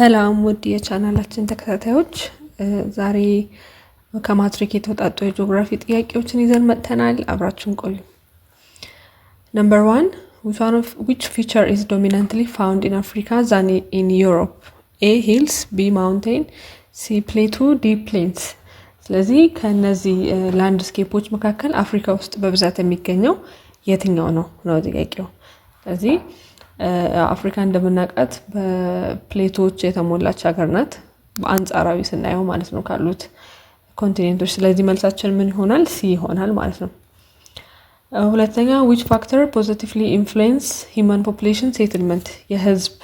ሰላም ውድ የቻናላችን ተከታታዮች፣ ዛሬ ከማትሪክ የተውጣጡ የጂኦግራፊ ጥያቄዎችን ይዘን መጥተናል። አብራችን ቆዩ። ነምበር ዋን ዊች ፊቸር ኢዝ ዶሚናንትሊ ፋውንድ ኢን አፍሪካ ዛን ኢን ዩሮፕ? ኤ ሂልስ፣ ቢ ማውንቴን፣ ሲ ፕሌቱ፣ ዲ ፕሌንስ። ስለዚህ ከእነዚህ ላንድስኬፖች መካከል አፍሪካ ውስጥ በብዛት የሚገኘው የትኛው ነው ነው ጥያቄው። ስለዚህ አፍሪካ እንደምናውቃት በፕሌቶች የተሞላች ሀገር ናት። በአንጻራዊ ስናየው ማለት ነው ካሉት ኮንቲኔንቶች። ስለዚህ መልሳችን ምን ይሆናል? ሲ ይሆናል ማለት ነው። ሁለተኛ ዊች ፋክተር ፖዘቲቭሊ ኢንፍሉዌንስ ሂማን ፖፕሌሽን ሴትልመንት፣ የህዝብ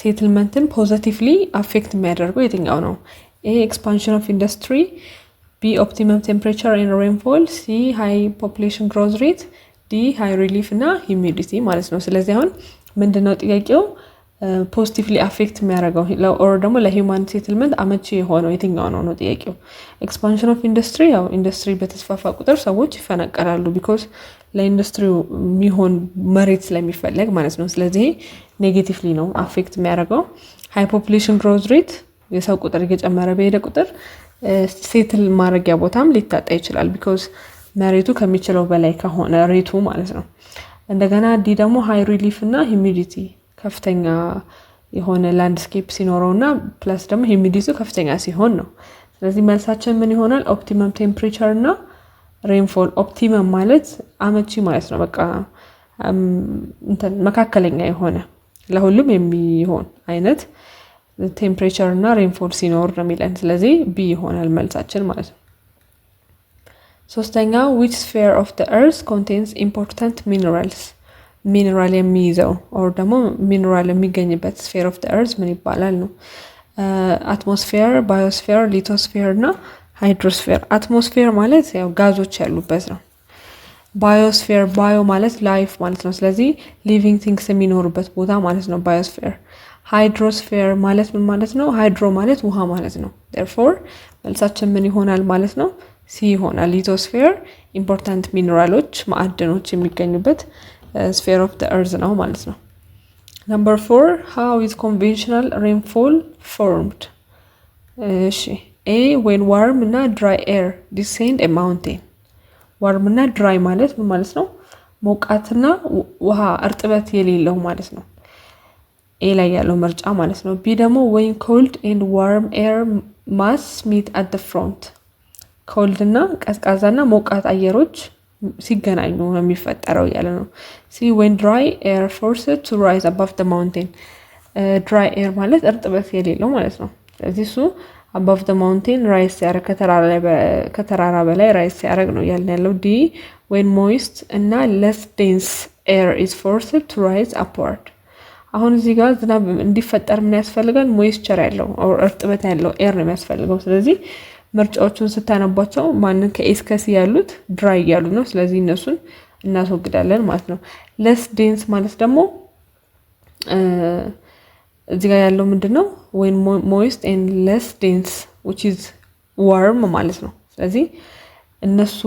ሴትልመንትን ፖዘቲቭሊ አፌክት የሚያደርገው የትኛው ነው? ኤ ኤክስፓንሽን ኦፍ ኢንዱስትሪ፣ ቢ ኦፕቲመም ቴምፕሬቸር ኤን ሬንፎል፣ ሲ ሃይ ፖፕሌሽን ግሮዝ ሬት፣ ዲ ሃይ ሪሊፍ እና ሂሚዲቲ ማለት ነው። ስለዚህ አሁን ምንድነው ጥያቄው? ፖዚቲቭሊ አፌክት የሚያደርገው ኦር ደግሞ ለሂውማን ሴትልመንት አመቺ የሆነው የትኛው ነው ነው ጥያቄው። ኤክስፓንሽን ኦፍ ኢንዱስትሪ፣ ያው ኢንዱስትሪ በተስፋፋ ቁጥር ሰዎች ይፈናቀላሉ። ቢኮዝ ለኢንዱስትሪው የሚሆን መሬት ስለሚፈለግ ማለት ነው። ስለዚህ ኔጌቲቭሊ ነው አፌክት የሚያደርገው። ሃይ ፖፑሌሽን ግሮዝ ሬት፣ የሰው ቁጥር እየጨመረ በሄደ ቁጥር ሴትል ማድረጊያ ቦታም ሊታጣ ይችላል። ቢኮዝ መሬቱ ከሚችለው በላይ ከሆነ ሬቱ ማለት ነው። እንደገና ዲ ደግሞ ሃይ ሪሊፍ እና ሂሚዲቲ ከፍተኛ የሆነ ላንድስኬፕ ሲኖረው እና ፕላስ ደግሞ ሂሚዲቲ ከፍተኛ ሲሆን ነው። ስለዚህ መልሳችን ምን ይሆናል? ኦፕቲመም ቴምፕሬቸር እና ሬንፎል። ኦፕቲመም ማለት አመቺ ማለት ነው። በቃ መካከለኛ የሆነ ለሁሉም የሚሆን አይነት ቴምፕሬቸር እና ሬንፎል ሲኖር ነው የሚለን። ስለዚህ ቢ ይሆናል መልሳችን ማለት ነው። ሶስተኛ ዊች ስፌር ኦፍ ደ ኤርዝ ኮንቴንስ ኢምፖርታንት ሚነራልስ ሚነራል የሚይዘው ኦር ደግሞ ሚነራል የሚገኝበት ስፌር ኦፍ ደ ኤርዝ ምን ይባላል ነው። አትሞስፌር፣ ባዮስፌር፣ ሊቶስፌር እና ሃይድሮስፌር። አትሞስፌር ማለት ያው ጋዞች ያሉበት ነው። ባዮስፌር ባዮ ማለት ላይፍ ማለት ነው። ስለዚህ ሊቪንግ ቲንግስ የሚኖሩበት ቦታ ማለት ነው ባዮስፌር። ሃይድሮስፌር ማለት ምን ማለት ነው? ሃይድሮ ማለት ውሃ ማለት ነው። ዴርፎር መልሳችን ምን ይሆናል ማለት ነው? ሲ ይሆናል። ሊቶስፌር ኢምፖርታንት ሚኒራሎች ማዕድኖች የሚገኙበት ስፌር ኦፍ ዘ እርዝ ነው ማለት ነው። ነምበር ፎር ሃው ኢዝ ኮንቬንሽናል ሬንፎል ፎርምድ? እሺ ኤ ዌን ዋርም እና ድራይ ኤር ዲሴንድ ማውንቴን። ዋርም እና ድራይ ማለት ምን ማለት ነው? ሞቃትና ውሃ እርጥበት የሌለው ማለት ነው። ኤ ላይ ያለው ምርጫ ማለት ነው። ቢ ደግሞ ዌን ኮልድ ኤንድ ዋርም ኤር ማስ ሚት አት ፍሮንት ኮልድና ቀዝቃዛና ሞቃት አየሮች ሲገናኙ ነው የሚፈጠረው እያለ ነው። ሲ ዌን ድራይ ኤር ፎርስ ቱ ራይዝ አባቭ ደ ማውንቴን ድራይ ኤር ማለት እርጥበት የሌለው ማለት ነው። ስለዚህ እሱ አባቭ ደ ማውንቴን ራይዝ ሲያደርግ ከተራራ በላይ ራይዝ ሲያደርግ ነው እያለ ያለው። ዲ ዌን ሞይስት እና ለስ ዴንስ ኤር ኢዝ ፎርስ ቱ ራይዝ አፕዋርድ። አሁን እዚህ ጋር ዝናብ እንዲፈጠር ምን ያስፈልጋል? ሞይስቸር ያለው እርጥበት ያለው ኤር ነው የሚያስፈልገው። ስለዚህ ምርጫዎቹን ስታነቧቸው ማንን ከኤስ ከሲ ያሉት ድራይ እያሉ ነው። ስለዚህ እነሱን እናስወግዳለን ማለት ነው። ለስ ዴንስ ማለት ደግሞ እዚህ ጋር ያለው ምንድን ነው? ወይን ሞይስት ኤንድ ለስ ዴንስ ዊች ኢዝ ዋርም ማለት ነው። ስለዚህ እነሱ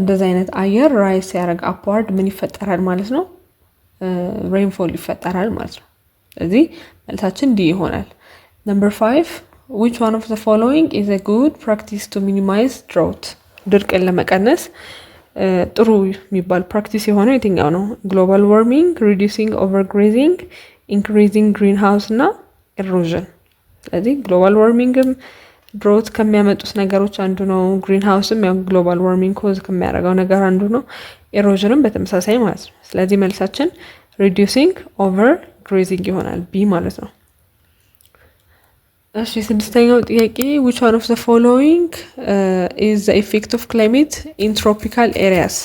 እንደዚህ አይነት አየር ራይስ ሲያደርግ አፕዋርድ ምን ይፈጠራል ማለት ነው? ሬንፎል ይፈጠራል ማለት ነው። ስለዚህ መልሳችን ዲ ይሆናል። ነምበር ፋይቭ ዊች ዋን ኦፍ ዘ ፎሎዊንግ ኢዝ ኤ ጉድ ፕራክቲስ ቱ ሚኒማይዝ ድሮት ድርቅን ለመቀነስ ጥሩ የሚባል ፕራክቲስ የሆነው የትኛው ነው? ግሎባል ዋርሚንግ፣ ሪዲሲንግ ኦቨርግሬዚንግ፣ ኢንክሪዚንግ ግሪን ሃውስ እና ኢሮዥን። ስለዚህ ግሎባል ዋርሚንግም ድሮት ከሚያመጡት ነገሮች አንዱ ነው። ግሪን ሃውስም ያው ግሎባል ዋርሚንግ ኮዝ ከሚያደርገው ነገር አንዱ ነው። ኢሮዥንም በተመሳሳይ ማለት ነው። ስለዚህ መልሳችን ሪዲሲንግ ኦቨር ግሬዚንግ ይሆናል ቢ ማለት ነው። እሺ ስድስተኛው ጥያቄ ዊች ዋን ኦፍ ዘ ፎሎዊንግ ኢዝ ዘ ኢፌክት ኦፍ ክላይሜት ኢን ትሮፒካል ኤሪያስ።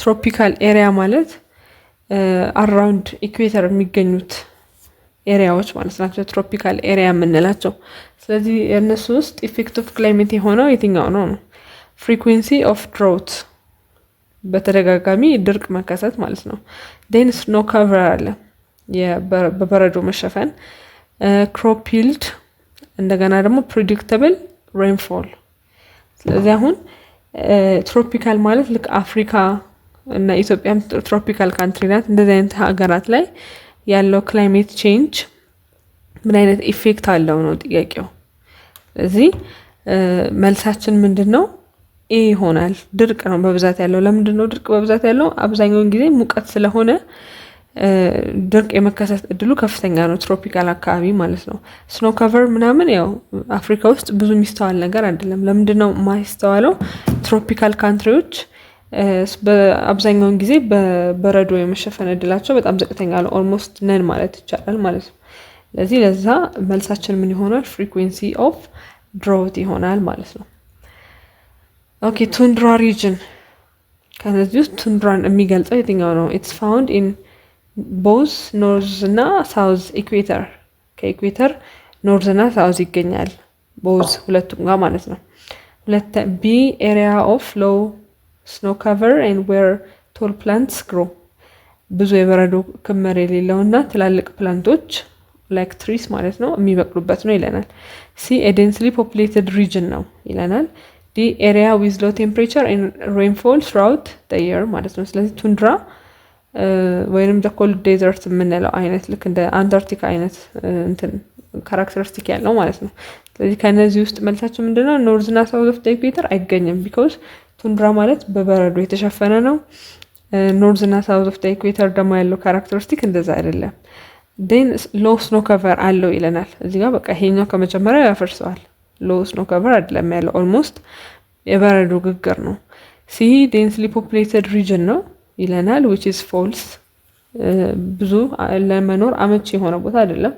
ትሮፒካል ኤሪያ ማለት አራውንድ uh, ኢኩዌተር የሚገኙት ኤሪያዎች ማለት ናቸው፣ ትሮፒካል ኤሪያ የምንላቸው። ስለዚህ የእነሱ ውስጥ ኢፌክት ኦፍ ክላይሜት የሆነው የትኛው ነው ነው? ፍሪኩንሲ ኦፍ ድሮት በተደጋጋሚ ድርቅ መከሰት ማለት ነው። ዴን ስኖ ካቨር አለ፣ በበረዶ መሸፈን። ክሮፕ uh, ይልድ እንደገና ደግሞ ፕሪዲክተብል ሬንፎል። ስለዚህ አሁን ትሮፒካል ማለት ልክ አፍሪካ እና ኢትዮጵያም ትሮፒካል ካንትሪ ናት። እንደዚህ አይነት ሀገራት ላይ ያለው ክላይሜት ቼንጅ ምን አይነት ኢፌክት አለው ነው ጥያቄው። ስለዚህ መልሳችን ምንድን ነው? ይህ ይሆናል። ድርቅ ነው በብዛት ያለው። ለምንድን ነው ድርቅ በብዛት ያለው? አብዛኛውን ጊዜ ሙቀት ስለሆነ ድርቅ የመከሰት እድሉ ከፍተኛ ነው። ትሮፒካል አካባቢ ማለት ነው። ስኖ ከቨር ምናምን ያው አፍሪካ ውስጥ ብዙ የሚስተዋል ነገር አይደለም። ለምንድን ነው የማይስተዋለው? ትሮፒካል ካንትሪዎች በአብዛኛውን ጊዜ በበረዶ የመሸፈን እድላቸው በጣም ዝቅተኛ ነው። ኦልሞስት ነን ማለት ይቻላል ማለት ነው። ለዚህ ለዛ መልሳችን ምን ይሆናል? ፍሪኩዌንሲ ኦፍ ድሮት ይሆናል ማለት ነው። ኦኬ ቱንድራ ሪጅን ከነዚህ ውስጥ ቱንድራን የሚገልጸው የትኛው ነው? ኢትስ ፋውንድ ኢን ቦዝ ኖርዝ እና ሳውዝ ኢኩዌተር ከኢኩዌተር ኖርዝ እና ሳውዝ ይገኛል። ቦዝ ሁለቱም ጋር ማለት ነው። ሁለተ ቢ ኤሪያ ኦፍ ሎው ስኖ ካቨር ኤንድ ዌር ቶል ፕላንትስ ግሮ ብዙ የበረዶ ክምር የሌለው እና ትላልቅ ፕላንቶች ላይክ ትሪስ ማለት ነው የሚበቅሉበት ነው ይለናል። ሲ ኤደንስሊ ፖፕሌትድ ሪጅን ነው ይለናል። ዲ ኤሪያ ዊዝ ሎ ቴምፕሬቸር ሬንፎል ስራውት የር ማለት ነው። ስለዚህ ቱንድራ ወይንም ኮልድ ዴዘርት የምንለው አይነት ልክ እንደ አንታርክቲካ አይነት እንትን ካራክተሪስቲክ ያለው ማለት ነው። ስለዚህ ከእነዚህ ውስጥ መልሳቸው ምንድነው? ኖርዝና ሳውዝ ኦፍ ኢኩዌተር አይገኝም። ቢኮዝ ቱንድራ ማለት በበረዶ የተሸፈነ ነው። ኖርዝና ሳውዝ ኦፍ ኢኩዌተር ደግሞ ያለው ካራክተሪስቲክ እንደዛ አይደለም። ዴን ሎ ስኖ ከቨር አለው ይለናል እዚህ ጋር በቃ ይሄኛው ከመጀመሪያው ያፈርሰዋል። ሎ ስኖ ከቨር አይደለም ያለው ኦልሞስት የበረዶ ግግር ነው። ሲ ዴንስሊ ፖፑሌትድ ሪጅን ነው ይለናል ዊች ኢዝ ፎልስ። ብዙ ለመኖር አመቺ የሆነ ቦታ አይደለም።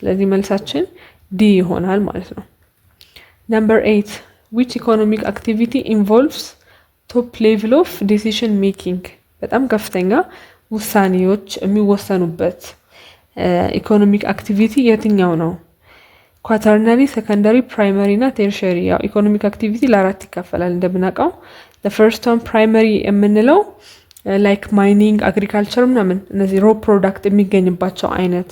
ስለዚህ መልሳችን ዲ ይሆናል ማለት ነው። ነምበር ኤይት ዊች ኢኮኖሚክ አክቲቪቲ ኢንቮልቭስ ቶፕ ሌቭል ኦፍ ዲሲሽን ሜኪንግ በጣም ከፍተኛ ውሳኔዎች የሚወሰኑበት ኢኮኖሚክ አክቲቪቲ የትኛው ነው? ኳተርናሪ፣ ሰከንዳሪ፣ ፕራይመሪ እና ቴርሸሪ። ያው ኢኮኖሚክ አክቲቪቲ ለአራት ይከፈላል እንደምናውቀው። ፈርስት ፕራይመሪ የምንለው ላይክ ማይኒንግ፣ አግሪካልቸር ምናምን እነዚህ ሮ ፕሮዳክት የሚገኝባቸው አይነት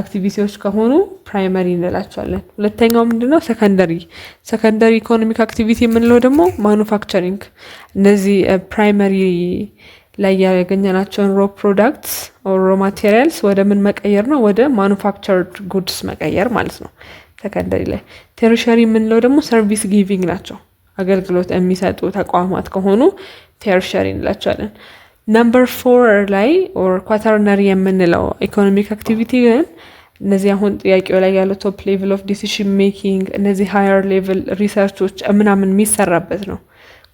አክቲቪቲዎች ከሆኑ ፕራይመሪ እንላቸዋለን። ሁለተኛው ምንድነው? ሰከንደሪ ሰከንደሪ ኢኮኖሚክ አክቲቪቲ የምንለው ደግሞ ማኑፋክቸሪንግ፣ እነዚህ ፕራይመሪ ላይ ያገኘናቸውን ሮ ፕሮዳክትስ ሮ ማቴሪያልስ ወደ ምን መቀየር ነው? ወደ ማኑፋክቸርድ ጉድስ መቀየር ማለት ነው ሰከንደሪ ላይ። ቴሪሸሪ የምንለው ደግሞ ሰርቪስ ጊቪንግ ናቸው፣ አገልግሎት የሚሰጡ ተቋማት ከሆኑ ቴርሸሪ እንላቸዋለን። ነምበር ፎር ላይ ኦር ኳተርነሪ የምንለው ኢኮኖሚክ አክቲቪቲ ግን እነዚህ አሁን ጥያቄው ላይ ያለው ቶፕ ሌቭል ኦፍ ዲሲሽን ሜኪንግ እነዚህ ሃየር ሌቭል ሪሰርቾች ምናምን የሚሰራበት ነው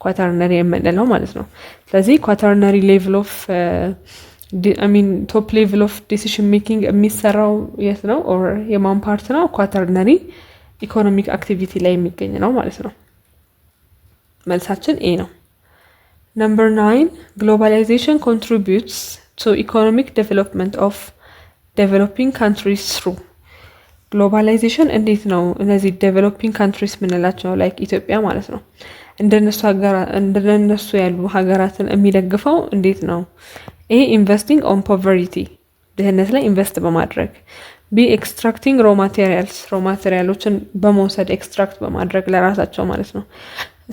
ኳተርነሪ የምንለው ማለት ነው። ስለዚህ ኳተርነሪ ሌቭል ኦፍ ሚን ቶፕ ሌቭል ኦፍ ዲሲሽን ሜኪንግ የሚሰራው የት ነው ኦር የማን ፓርት ነው? ኳተርነሪ ኢኮኖሚክ አክቲቪቲ ላይ የሚገኝ ነው ማለት ነው። መልሳችን ኤ ነው። Number nine, globalization contributes to economic development of developing countries through ግሎባላይዜሽን እንዴት ነው እነዚህ ዴቨሎፒንግ ካንትሪስ የምንላቸው ላይክ ኢትዮጵያ ማለት ነው እንደነሱ ያሉ ሀገራትን የሚደግፈው እንዴት ነው? ኤ ኢንቨስቲንግ ኦን ፖቨርቲ ድህነት ላይ ኢንቨስት በማድረግ ቢ ኤክስትራክቲንግ ሮ ማቴሪያልስ ሮ ማቴሪያሎችን በመውሰድ ኤክስትራክት በማድረግ ለራሳቸው ማለት ነው።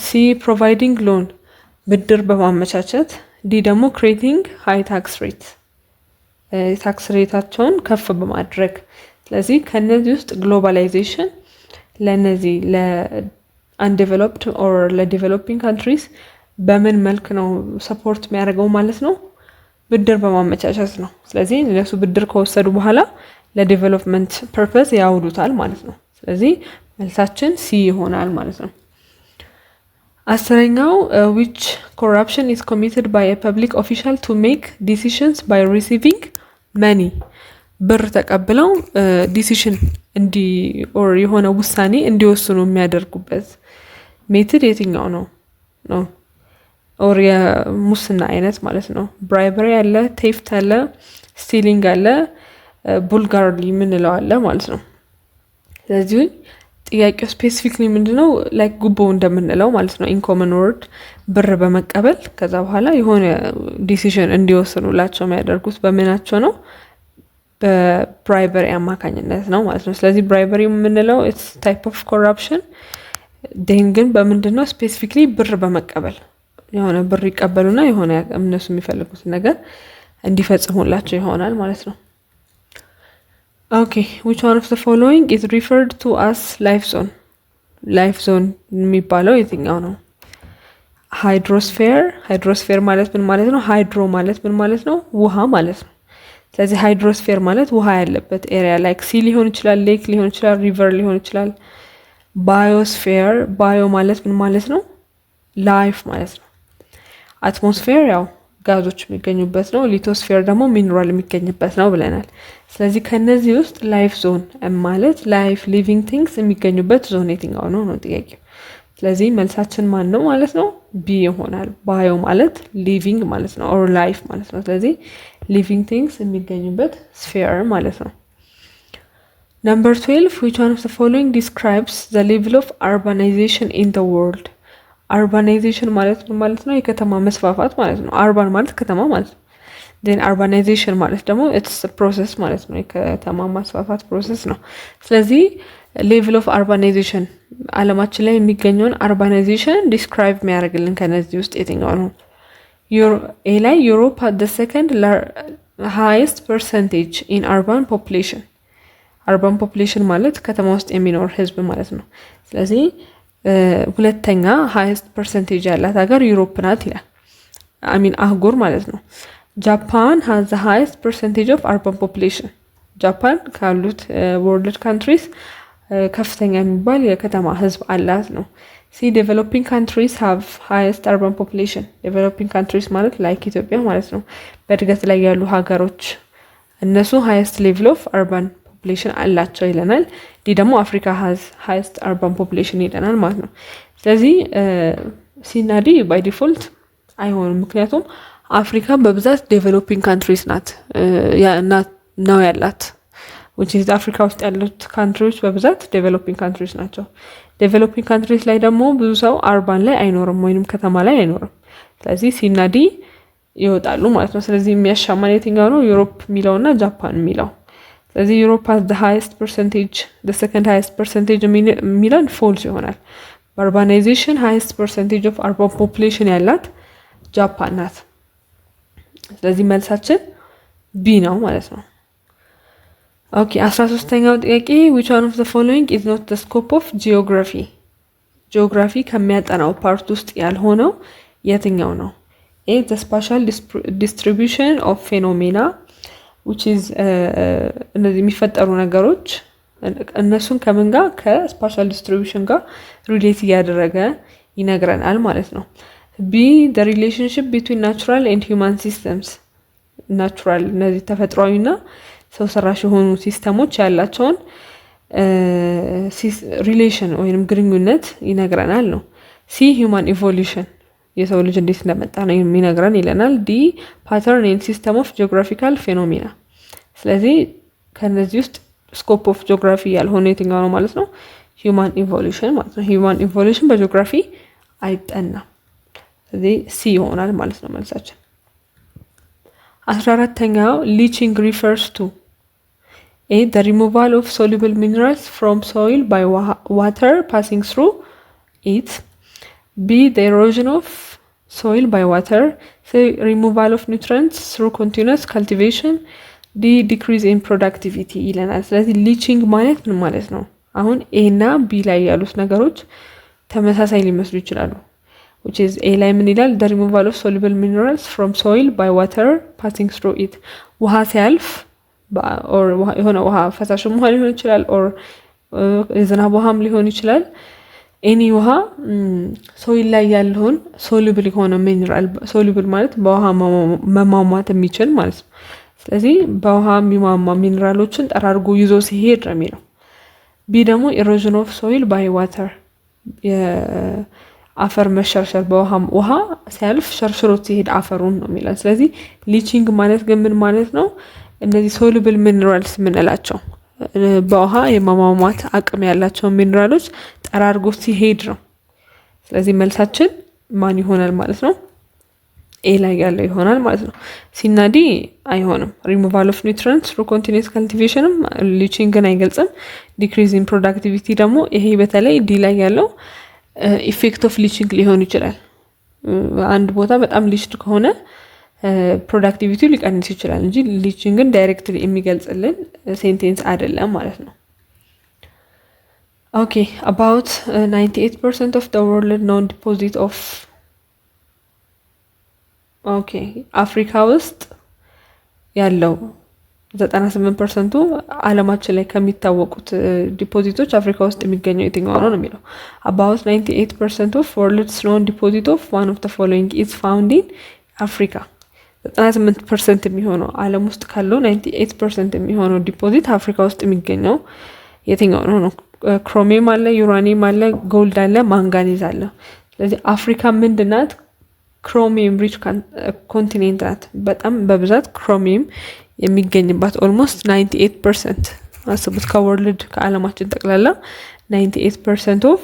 ሲ ፕሮቫይዲንግ ሎን ብድር በማመቻቸት ዲ ደግሞ ክሬቲንግ ሃይ ታክስ ሬት የታክስ ሬታቸውን ከፍ በማድረግ ስለዚህ ከነዚህ ውስጥ ግሎባላይዜሽን ለነዚህ ለአንዴቨሎፕድ ኦር ለዲቨሎፒንግ ካንትሪስ በምን መልክ ነው ሰፖርት የሚያደርገው ማለት ነው? ብድር በማመቻቸት ነው። ስለዚህ እነሱ ብድር ከወሰዱ በኋላ ለዲቨሎፕመንት ፐርፐዝ ያውሉታል ማለት ነው። ስለዚህ መልሳችን ሲ ይሆናል ማለት ነው። አስረኛው ዊች ኮራፕሽን ኢዝ ኮሚትድ ባይ ፐብሊክ ኦፊሻል ቱ ሜክ ዲሲሽንስ ባይ ሪሲቪንግ መኒ ብር ተቀብለው ዲሲሽን uh, እንዲ ኦር የሆነ ውሳኔ እንዲወስኑ የሚያደርጉበት ሜትድ የትኛው ነው ነው ኦር የሙስና አይነት ማለት ነው። ብራይበሪ አለ፣ ቴፍት አለ፣ ስቲሊንግ አለ፣ uh, ቡልጋርሊ የምንለው አለ ማለት ነው። ስለዚህ ጥያቄው ስፔሲፊክሊ ምንድነው ላይክ ጉቦ እንደምንለው ማለት ነው። ኢንኮመን ወርድ ብር በመቀበል ከዛ በኋላ የሆነ ዲሲዥን እንዲወስኑላቸው የሚያደርጉት በምናቸው ነው? በብራይበሪ አማካኝነት ነው ማለት ነው። ስለዚህ ብራይበሪ የምንለው ኢትስ ታይፕ ኦፍ ኮራፕሽን ዴን ግን በምንድን ነው ስፔሲፊክሊ ብር በመቀበል የሆነ ብር ይቀበሉና የሆነ እነሱ የሚፈልጉት ነገር እንዲፈጽሙላቸው ይሆናል ማለት ነው። ኦኬ ዊች ዋን ኦፍ ዘ ፎሎዊንግ ኢዝ ሪፈርድ ቱ አስ ላይፍ ዞን ላይፍ ዞን የሚባለው የትኛው ነው? ሃይድሮስፌር ሃይድሮስፌር ማለት ምን ማለት ነው? ሃይድሮ ማለት ምን ማለት ነው? ውሃ ማለት ነው። ስለዚህ ሃይድሮስፌር ማለት ውሃ ያለበት ኤሪያ ላይክ ሲ ሊሆን ይችላል፣ ሌክ ሊሆን ይችላል፣ ሪቨር ሊሆን ይችላል። ባዮስፌር ባዮ ማለት ምን ማለት ነው? ላይፍ ማለት ነው። አትሞስፌር ያው ጋዞች የሚገኙበት ነው። ሊቶስፌር ደግሞ ሚኒራል የሚገኝበት ነው ብለናል። ስለዚህ ከነዚህ ውስጥ ላይፍ ዞን ማለት ላይፍ ሊቪንግ ቲንግስ የሚገኙበት ዞን የትኛው ነው ነው ጥያቄው። ስለዚህ መልሳችን ማን ነው ማለት ነው? ቢ ይሆናል። ባዮ ማለት ሊቪንግ ማለት ነው፣ ኦር ላይፍ ማለት ነው። ስለዚህ ሊቪንግ ቲንግስ የሚገኙበት ስፌር ማለት ነው። ነምበር ትዌልቭ ዊች ዋን ኦፍ ዘ ፎሎዊንግ ዲስክራይብስ ዘ ሌቭል ኦፍ አርባናይዜሽን ኢን ዘ ወርልድ አርባናይዜሽን ማለት ነው ማለት ነው የከተማ መስፋፋት ማለት ነው። አርባን ማለት ከተማ ማለት ነው። ዜን አርባናይዜሽን ማለት ደግሞ ኢትስ ፕሮሰስ ማለት ነው። የከተማ ማስፋፋት ፕሮሰስ ነው። ስለዚህ ሌቭል ኦፍ አርባናይዜሽን አለማችን ላይ የሚገኘውን አርባናይዜሽን ዲስክራይብ የሚያደርግልን ከነዚህ ውስጥ የትኛው ነው? ኤ ላይ ዩሮፓ ደ ሰከንድ ሃይስት ፐርሰንቴጅ ኢን አርባን ፖፕሌሽን አርባን ፖፕሌሽን ማለት ከተማ ውስጥ የሚኖር ህዝብ ማለት ነው። ስለዚህ ሁለተኛ ሀይስት ፐርሰንቴጅ ያላት ሀገር ዩሮፕ ናት ይላል። አሚን አህጉር ማለት ነው። ጃፓን ሀዝ ዘ ሀይስት ፐርሰንቴጅ ኦፍ አርባን ፖፕሌሽን ጃፓን ካሉት ወርልድ ካንትሪስ ከፍተኛ የሚባል የከተማ ህዝብ አላት ነው። ሲ ዴቨሎፒንግ ካንትሪስ ሀቭ ሀይስት አርባን ፖፕሌሽን ዴቨሎፒንግ ካንትሪስ ማለት ላይክ ኢትዮጵያ ማለት ነው። በእድገት ላይ ያሉ ሀገሮች እነሱ ሀይስት ሌቭል ኦፍ አርባን ፖፑሌሽን አላቸው ይለናል። ዲ ደግሞ አፍሪካ ሃይስት አርባን ፖፑሌሽን ይለናል ማለት ነው። ስለዚህ ሲና ዲ ባይ ዲፎልት አይሆንም፣ ምክንያቱም አፍሪካ በብዛት ዴቨሎፒንግ ካንትሪስ ናት ነው ያላት ዊችዝ አፍሪካ ውስጥ ያሉት ካንትሪዎች በብዛት ዴቨሎፒንግ ካንትሪስ ናቸው። ዴቨሎፒንግ ካንትሪስ ላይ ደግሞ ብዙ ሰው አርባን ላይ አይኖርም ወይም ከተማ ላይ አይኖርም። ስለዚህ ሲና ዲ ይወጣሉ ማለት ነው። ስለዚህ የሚያሻማን የትኛው ነው? ዩሮፕ የሚለውና ጃፓን የሚለው ስለዚህ ዩሮፕ ሃዝ ዘ ሃይስት ፐርሰንቴጅ ዘ ሰከንድ ሃይስት ፐርሰንቴጅ የሚለን ፎልስ ይሆናል። በአርባናይዜሽን ሃይስት ፐርሰንቴጅ ኦፍ አርባን ፖፕሌሽን ያላት ጃፓን ናት። ስለዚህ መልሳችን ቢ ነው ማለት ነው። ኦኬ አስራ ሶስተኛው ጥያቄ ዊች ዋን ኦፍ ዘ ፎሎዊንግ ኢዝ ኖት ዘ ስኮፕ ኦፍ ጂኦግራፊ ጂኦግራፊ ከሚያጠናው ፓርት ውስጥ ያልሆነው የትኛው ነው? ኤ ዘ ስፓሻል ዲስትሪቢሽን ኦፍ ፌኖሜና Uh, uh, እነዚህ የሚፈጠሩ ነገሮች እነሱን ከምን ጋር ከስፓሻል ዲስትሪቢሽን ጋር ሪሌት እያደረገ ይነግረናል ማለት ነው። ቢ ደ ሪሌሽንሽፕ ቢትዊን ናቹራል ኤንድ ሂውማን ሲስተምስ ናቹራል እነዚህ ተፈጥሯዊና ሰው ሰራሽ የሆኑ ሲስተሞች ያላቸውን ሪሌሽን ወይም ግንኙነት ይነግረናል ነው። ሲ ሂውማን ኢቮሉሽን የሰው ልጅ እንዴት እንደመጣ ነው የሚነግረን ይለናል። ዲ ፓተርን ኤንድ ሲስተም ኦፍ ጂኦግራፊካል ፌኖሚና ስለዚህ ከነዚህ ውስጥ ስኮፕ ኦፍ ጂኦግራፊ ያልሆነ የትኛው ነው ማለት ነው? ሂውማን ኢቮሉሽን ማለት ነው። ሂውማን ኢቮሉሽን በጂኦግራፊ አይጠናም። ስለዚህ ሲ ይሆናል ማለት ነው መልሳችን። አስራ አራተኛው ሊቺንግ ሪፈርስ ቱ ይህ ዘ ሪሙቫል ኦፍ ሶሉብል ሚኒራልስ ፍሮም ሶይል ባይ ዋተር ፓሲንግ ስሩ ኢት ቢ ዘ ኢሮዥን ኦፍ ሶይል ባይ ዋተር ሲ ሪሙቫል ኦፍ ኒውትረንትስ ስሩ ኮንቲኒስ ካልቲቬሽን ዲ ዲክሪዝ ኢን ፕሮዳክቲቪቲ ይለናል። ስለዚህ ሊቺንግ ማለት ምን ማለት ነው? አሁን ኤና ቢ ላይ ያሉት ነገሮች ተመሳሳይ ሊመስሉ ይችላሉ። ዊችዝ ኤ ላይ ምን ይላል? ደ ሪሙቫል ኦፍ ሶሉብል ሚኒራልስ ፍሮም ሶይል ባይ ዋተር ፓሲንግ ስሩ ኢት ውሃ ሲያልፍ የሆነ ውሃ ፈሳሽም ውሃ ሊሆን ይችላል፣ ኦር uh, የዝናብ ውሃም ሊሆን ይችላል። ኤኒ ውሃ ሶይል mm, ላይ ያለውን ሶሉብል የሆነ ሚኒራል ሶሉብል ማለት በውሃ መሟሟት የሚችል ማለት ነው ስለዚህ በውሃ የሚሟሟ ሚኔራሎችን ጠራርጎ ይዞ ሲሄድ ነው የሚለው። ቢ ደግሞ ኢሮዥን ኦፍ ሶይል ባይ ዋተር የአፈር መሸርሸር በውሃ ውሃ ሲያልፍ ሸርሽሮት ሲሄድ አፈሩን ነው የሚለን። ስለዚህ ሊቺንግ ማለት ግን ምን ማለት ነው? እነዚህ ሶሉብል ሚኔራልስ የምንላቸው በውሃ የማሟሟት አቅም ያላቸውን ሚኔራሎች ጠራርጎ ሲሄድ ነው። ስለዚህ መልሳችን ማን ይሆናል ማለት ነው? ኤ ላይ ያለው ይሆናል ማለት ነው። ሲናዲ አይሆንም። ሪሙቫል ኦፍ ኒውትረንት ሩ ኮንቲኒስ ካልቲቬሽንም ሊቺንግን አይገልጽም። ዲክሪዝ ኢን ፕሮዳክቲቪቲ ደግሞ ይሄ በተለይ ዲ ላይ ያለው ኢፌክት ኦፍ ሊቺንግ ሊሆን ይችላል። አንድ ቦታ በጣም ሊችድ ከሆነ ፕሮዳክቲቪቲው ሊቀንስ ይችላል እንጂ ሊቺንግን ዳይሬክት የሚገልጽልን ሴንቴንስ አይደለም ማለት ነው። ኦኬ አባውት 98 ፐርሰንት ኦፍ ዘ ወርልድ ኖን ዲፖዚት ኦፍ ኦኬ አፍሪካ ውስጥ ያለው ዘጠና ስምንት ፐርሰንቱ አለማችን ላይ ከሚታወቁት ዲፖዚቶች አፍሪካ ውስጥ የሚገኘው የትኛው ነው ነው የሚለው አባውት ናይንቲ ኤይት ፐርሰንት ኦፍ ወርልድ ስኖን ዲፖዚት ኦፍ ዋን ኦፍ ተ ፎሎዊንግ ኢዝ ፋውንዲን አፍሪካ ዘጠና ስምንት ፐርሰንት የሚሆነው አለም ውስጥ ካለው ናይንቲ ኤይት ፐርሰንት የሚሆነው ዲፖዚት አፍሪካ ውስጥ የሚገኘው የትኛው ነው ነው ክሮሜም አለ ዩራኒየም አለ ጎልድ አለ ማንጋኒዝ አለ ስለዚህ አፍሪካ ምንድናት ክሮሚየም ሪች ኮንቲኔንት ናት። በጣም በብዛት ክሮሚየም የሚገኝባት ኦልሞስት 98 ፐርሰንት አስቡት፣ ከወርልድ ከአለማችን ጠቅላላ 98 ፐርሰንት ኦፍ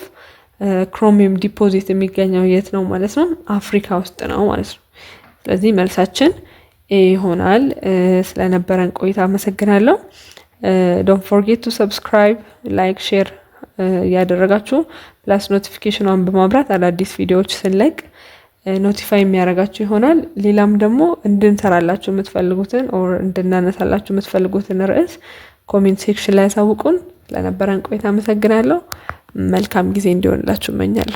ክሮሚየም ዲፖዚት የሚገኘው የት ነው ማለት ነው? አፍሪካ ውስጥ ነው ማለት ነው። ስለዚህ መልሳችን ኤ ይሆናል። ስለነበረን ቆይታ አመሰግናለሁ። ዶንት ፎርጌት ቱ ሰብስክራይብ፣ ላይክ፣ ሼር እያደረጋችሁ ፕላስ ኖቲፊኬሽኗን በማብራት አዳዲስ ቪዲዮዎች ስንለቅ ኖቲፋይ የሚያደርጋችሁ ይሆናል። ሌላም ደግሞ እንድንሰራላችሁ የምትፈልጉትን ኦር እንድናነሳላችሁ የምትፈልጉትን ርዕስ ኮሜንት ሴክሽን ላይ ያሳውቁን። ስለነበረን ቆይታ አመሰግናለሁ። መልካም ጊዜ እንዲሆንላችሁ እመኛለሁ።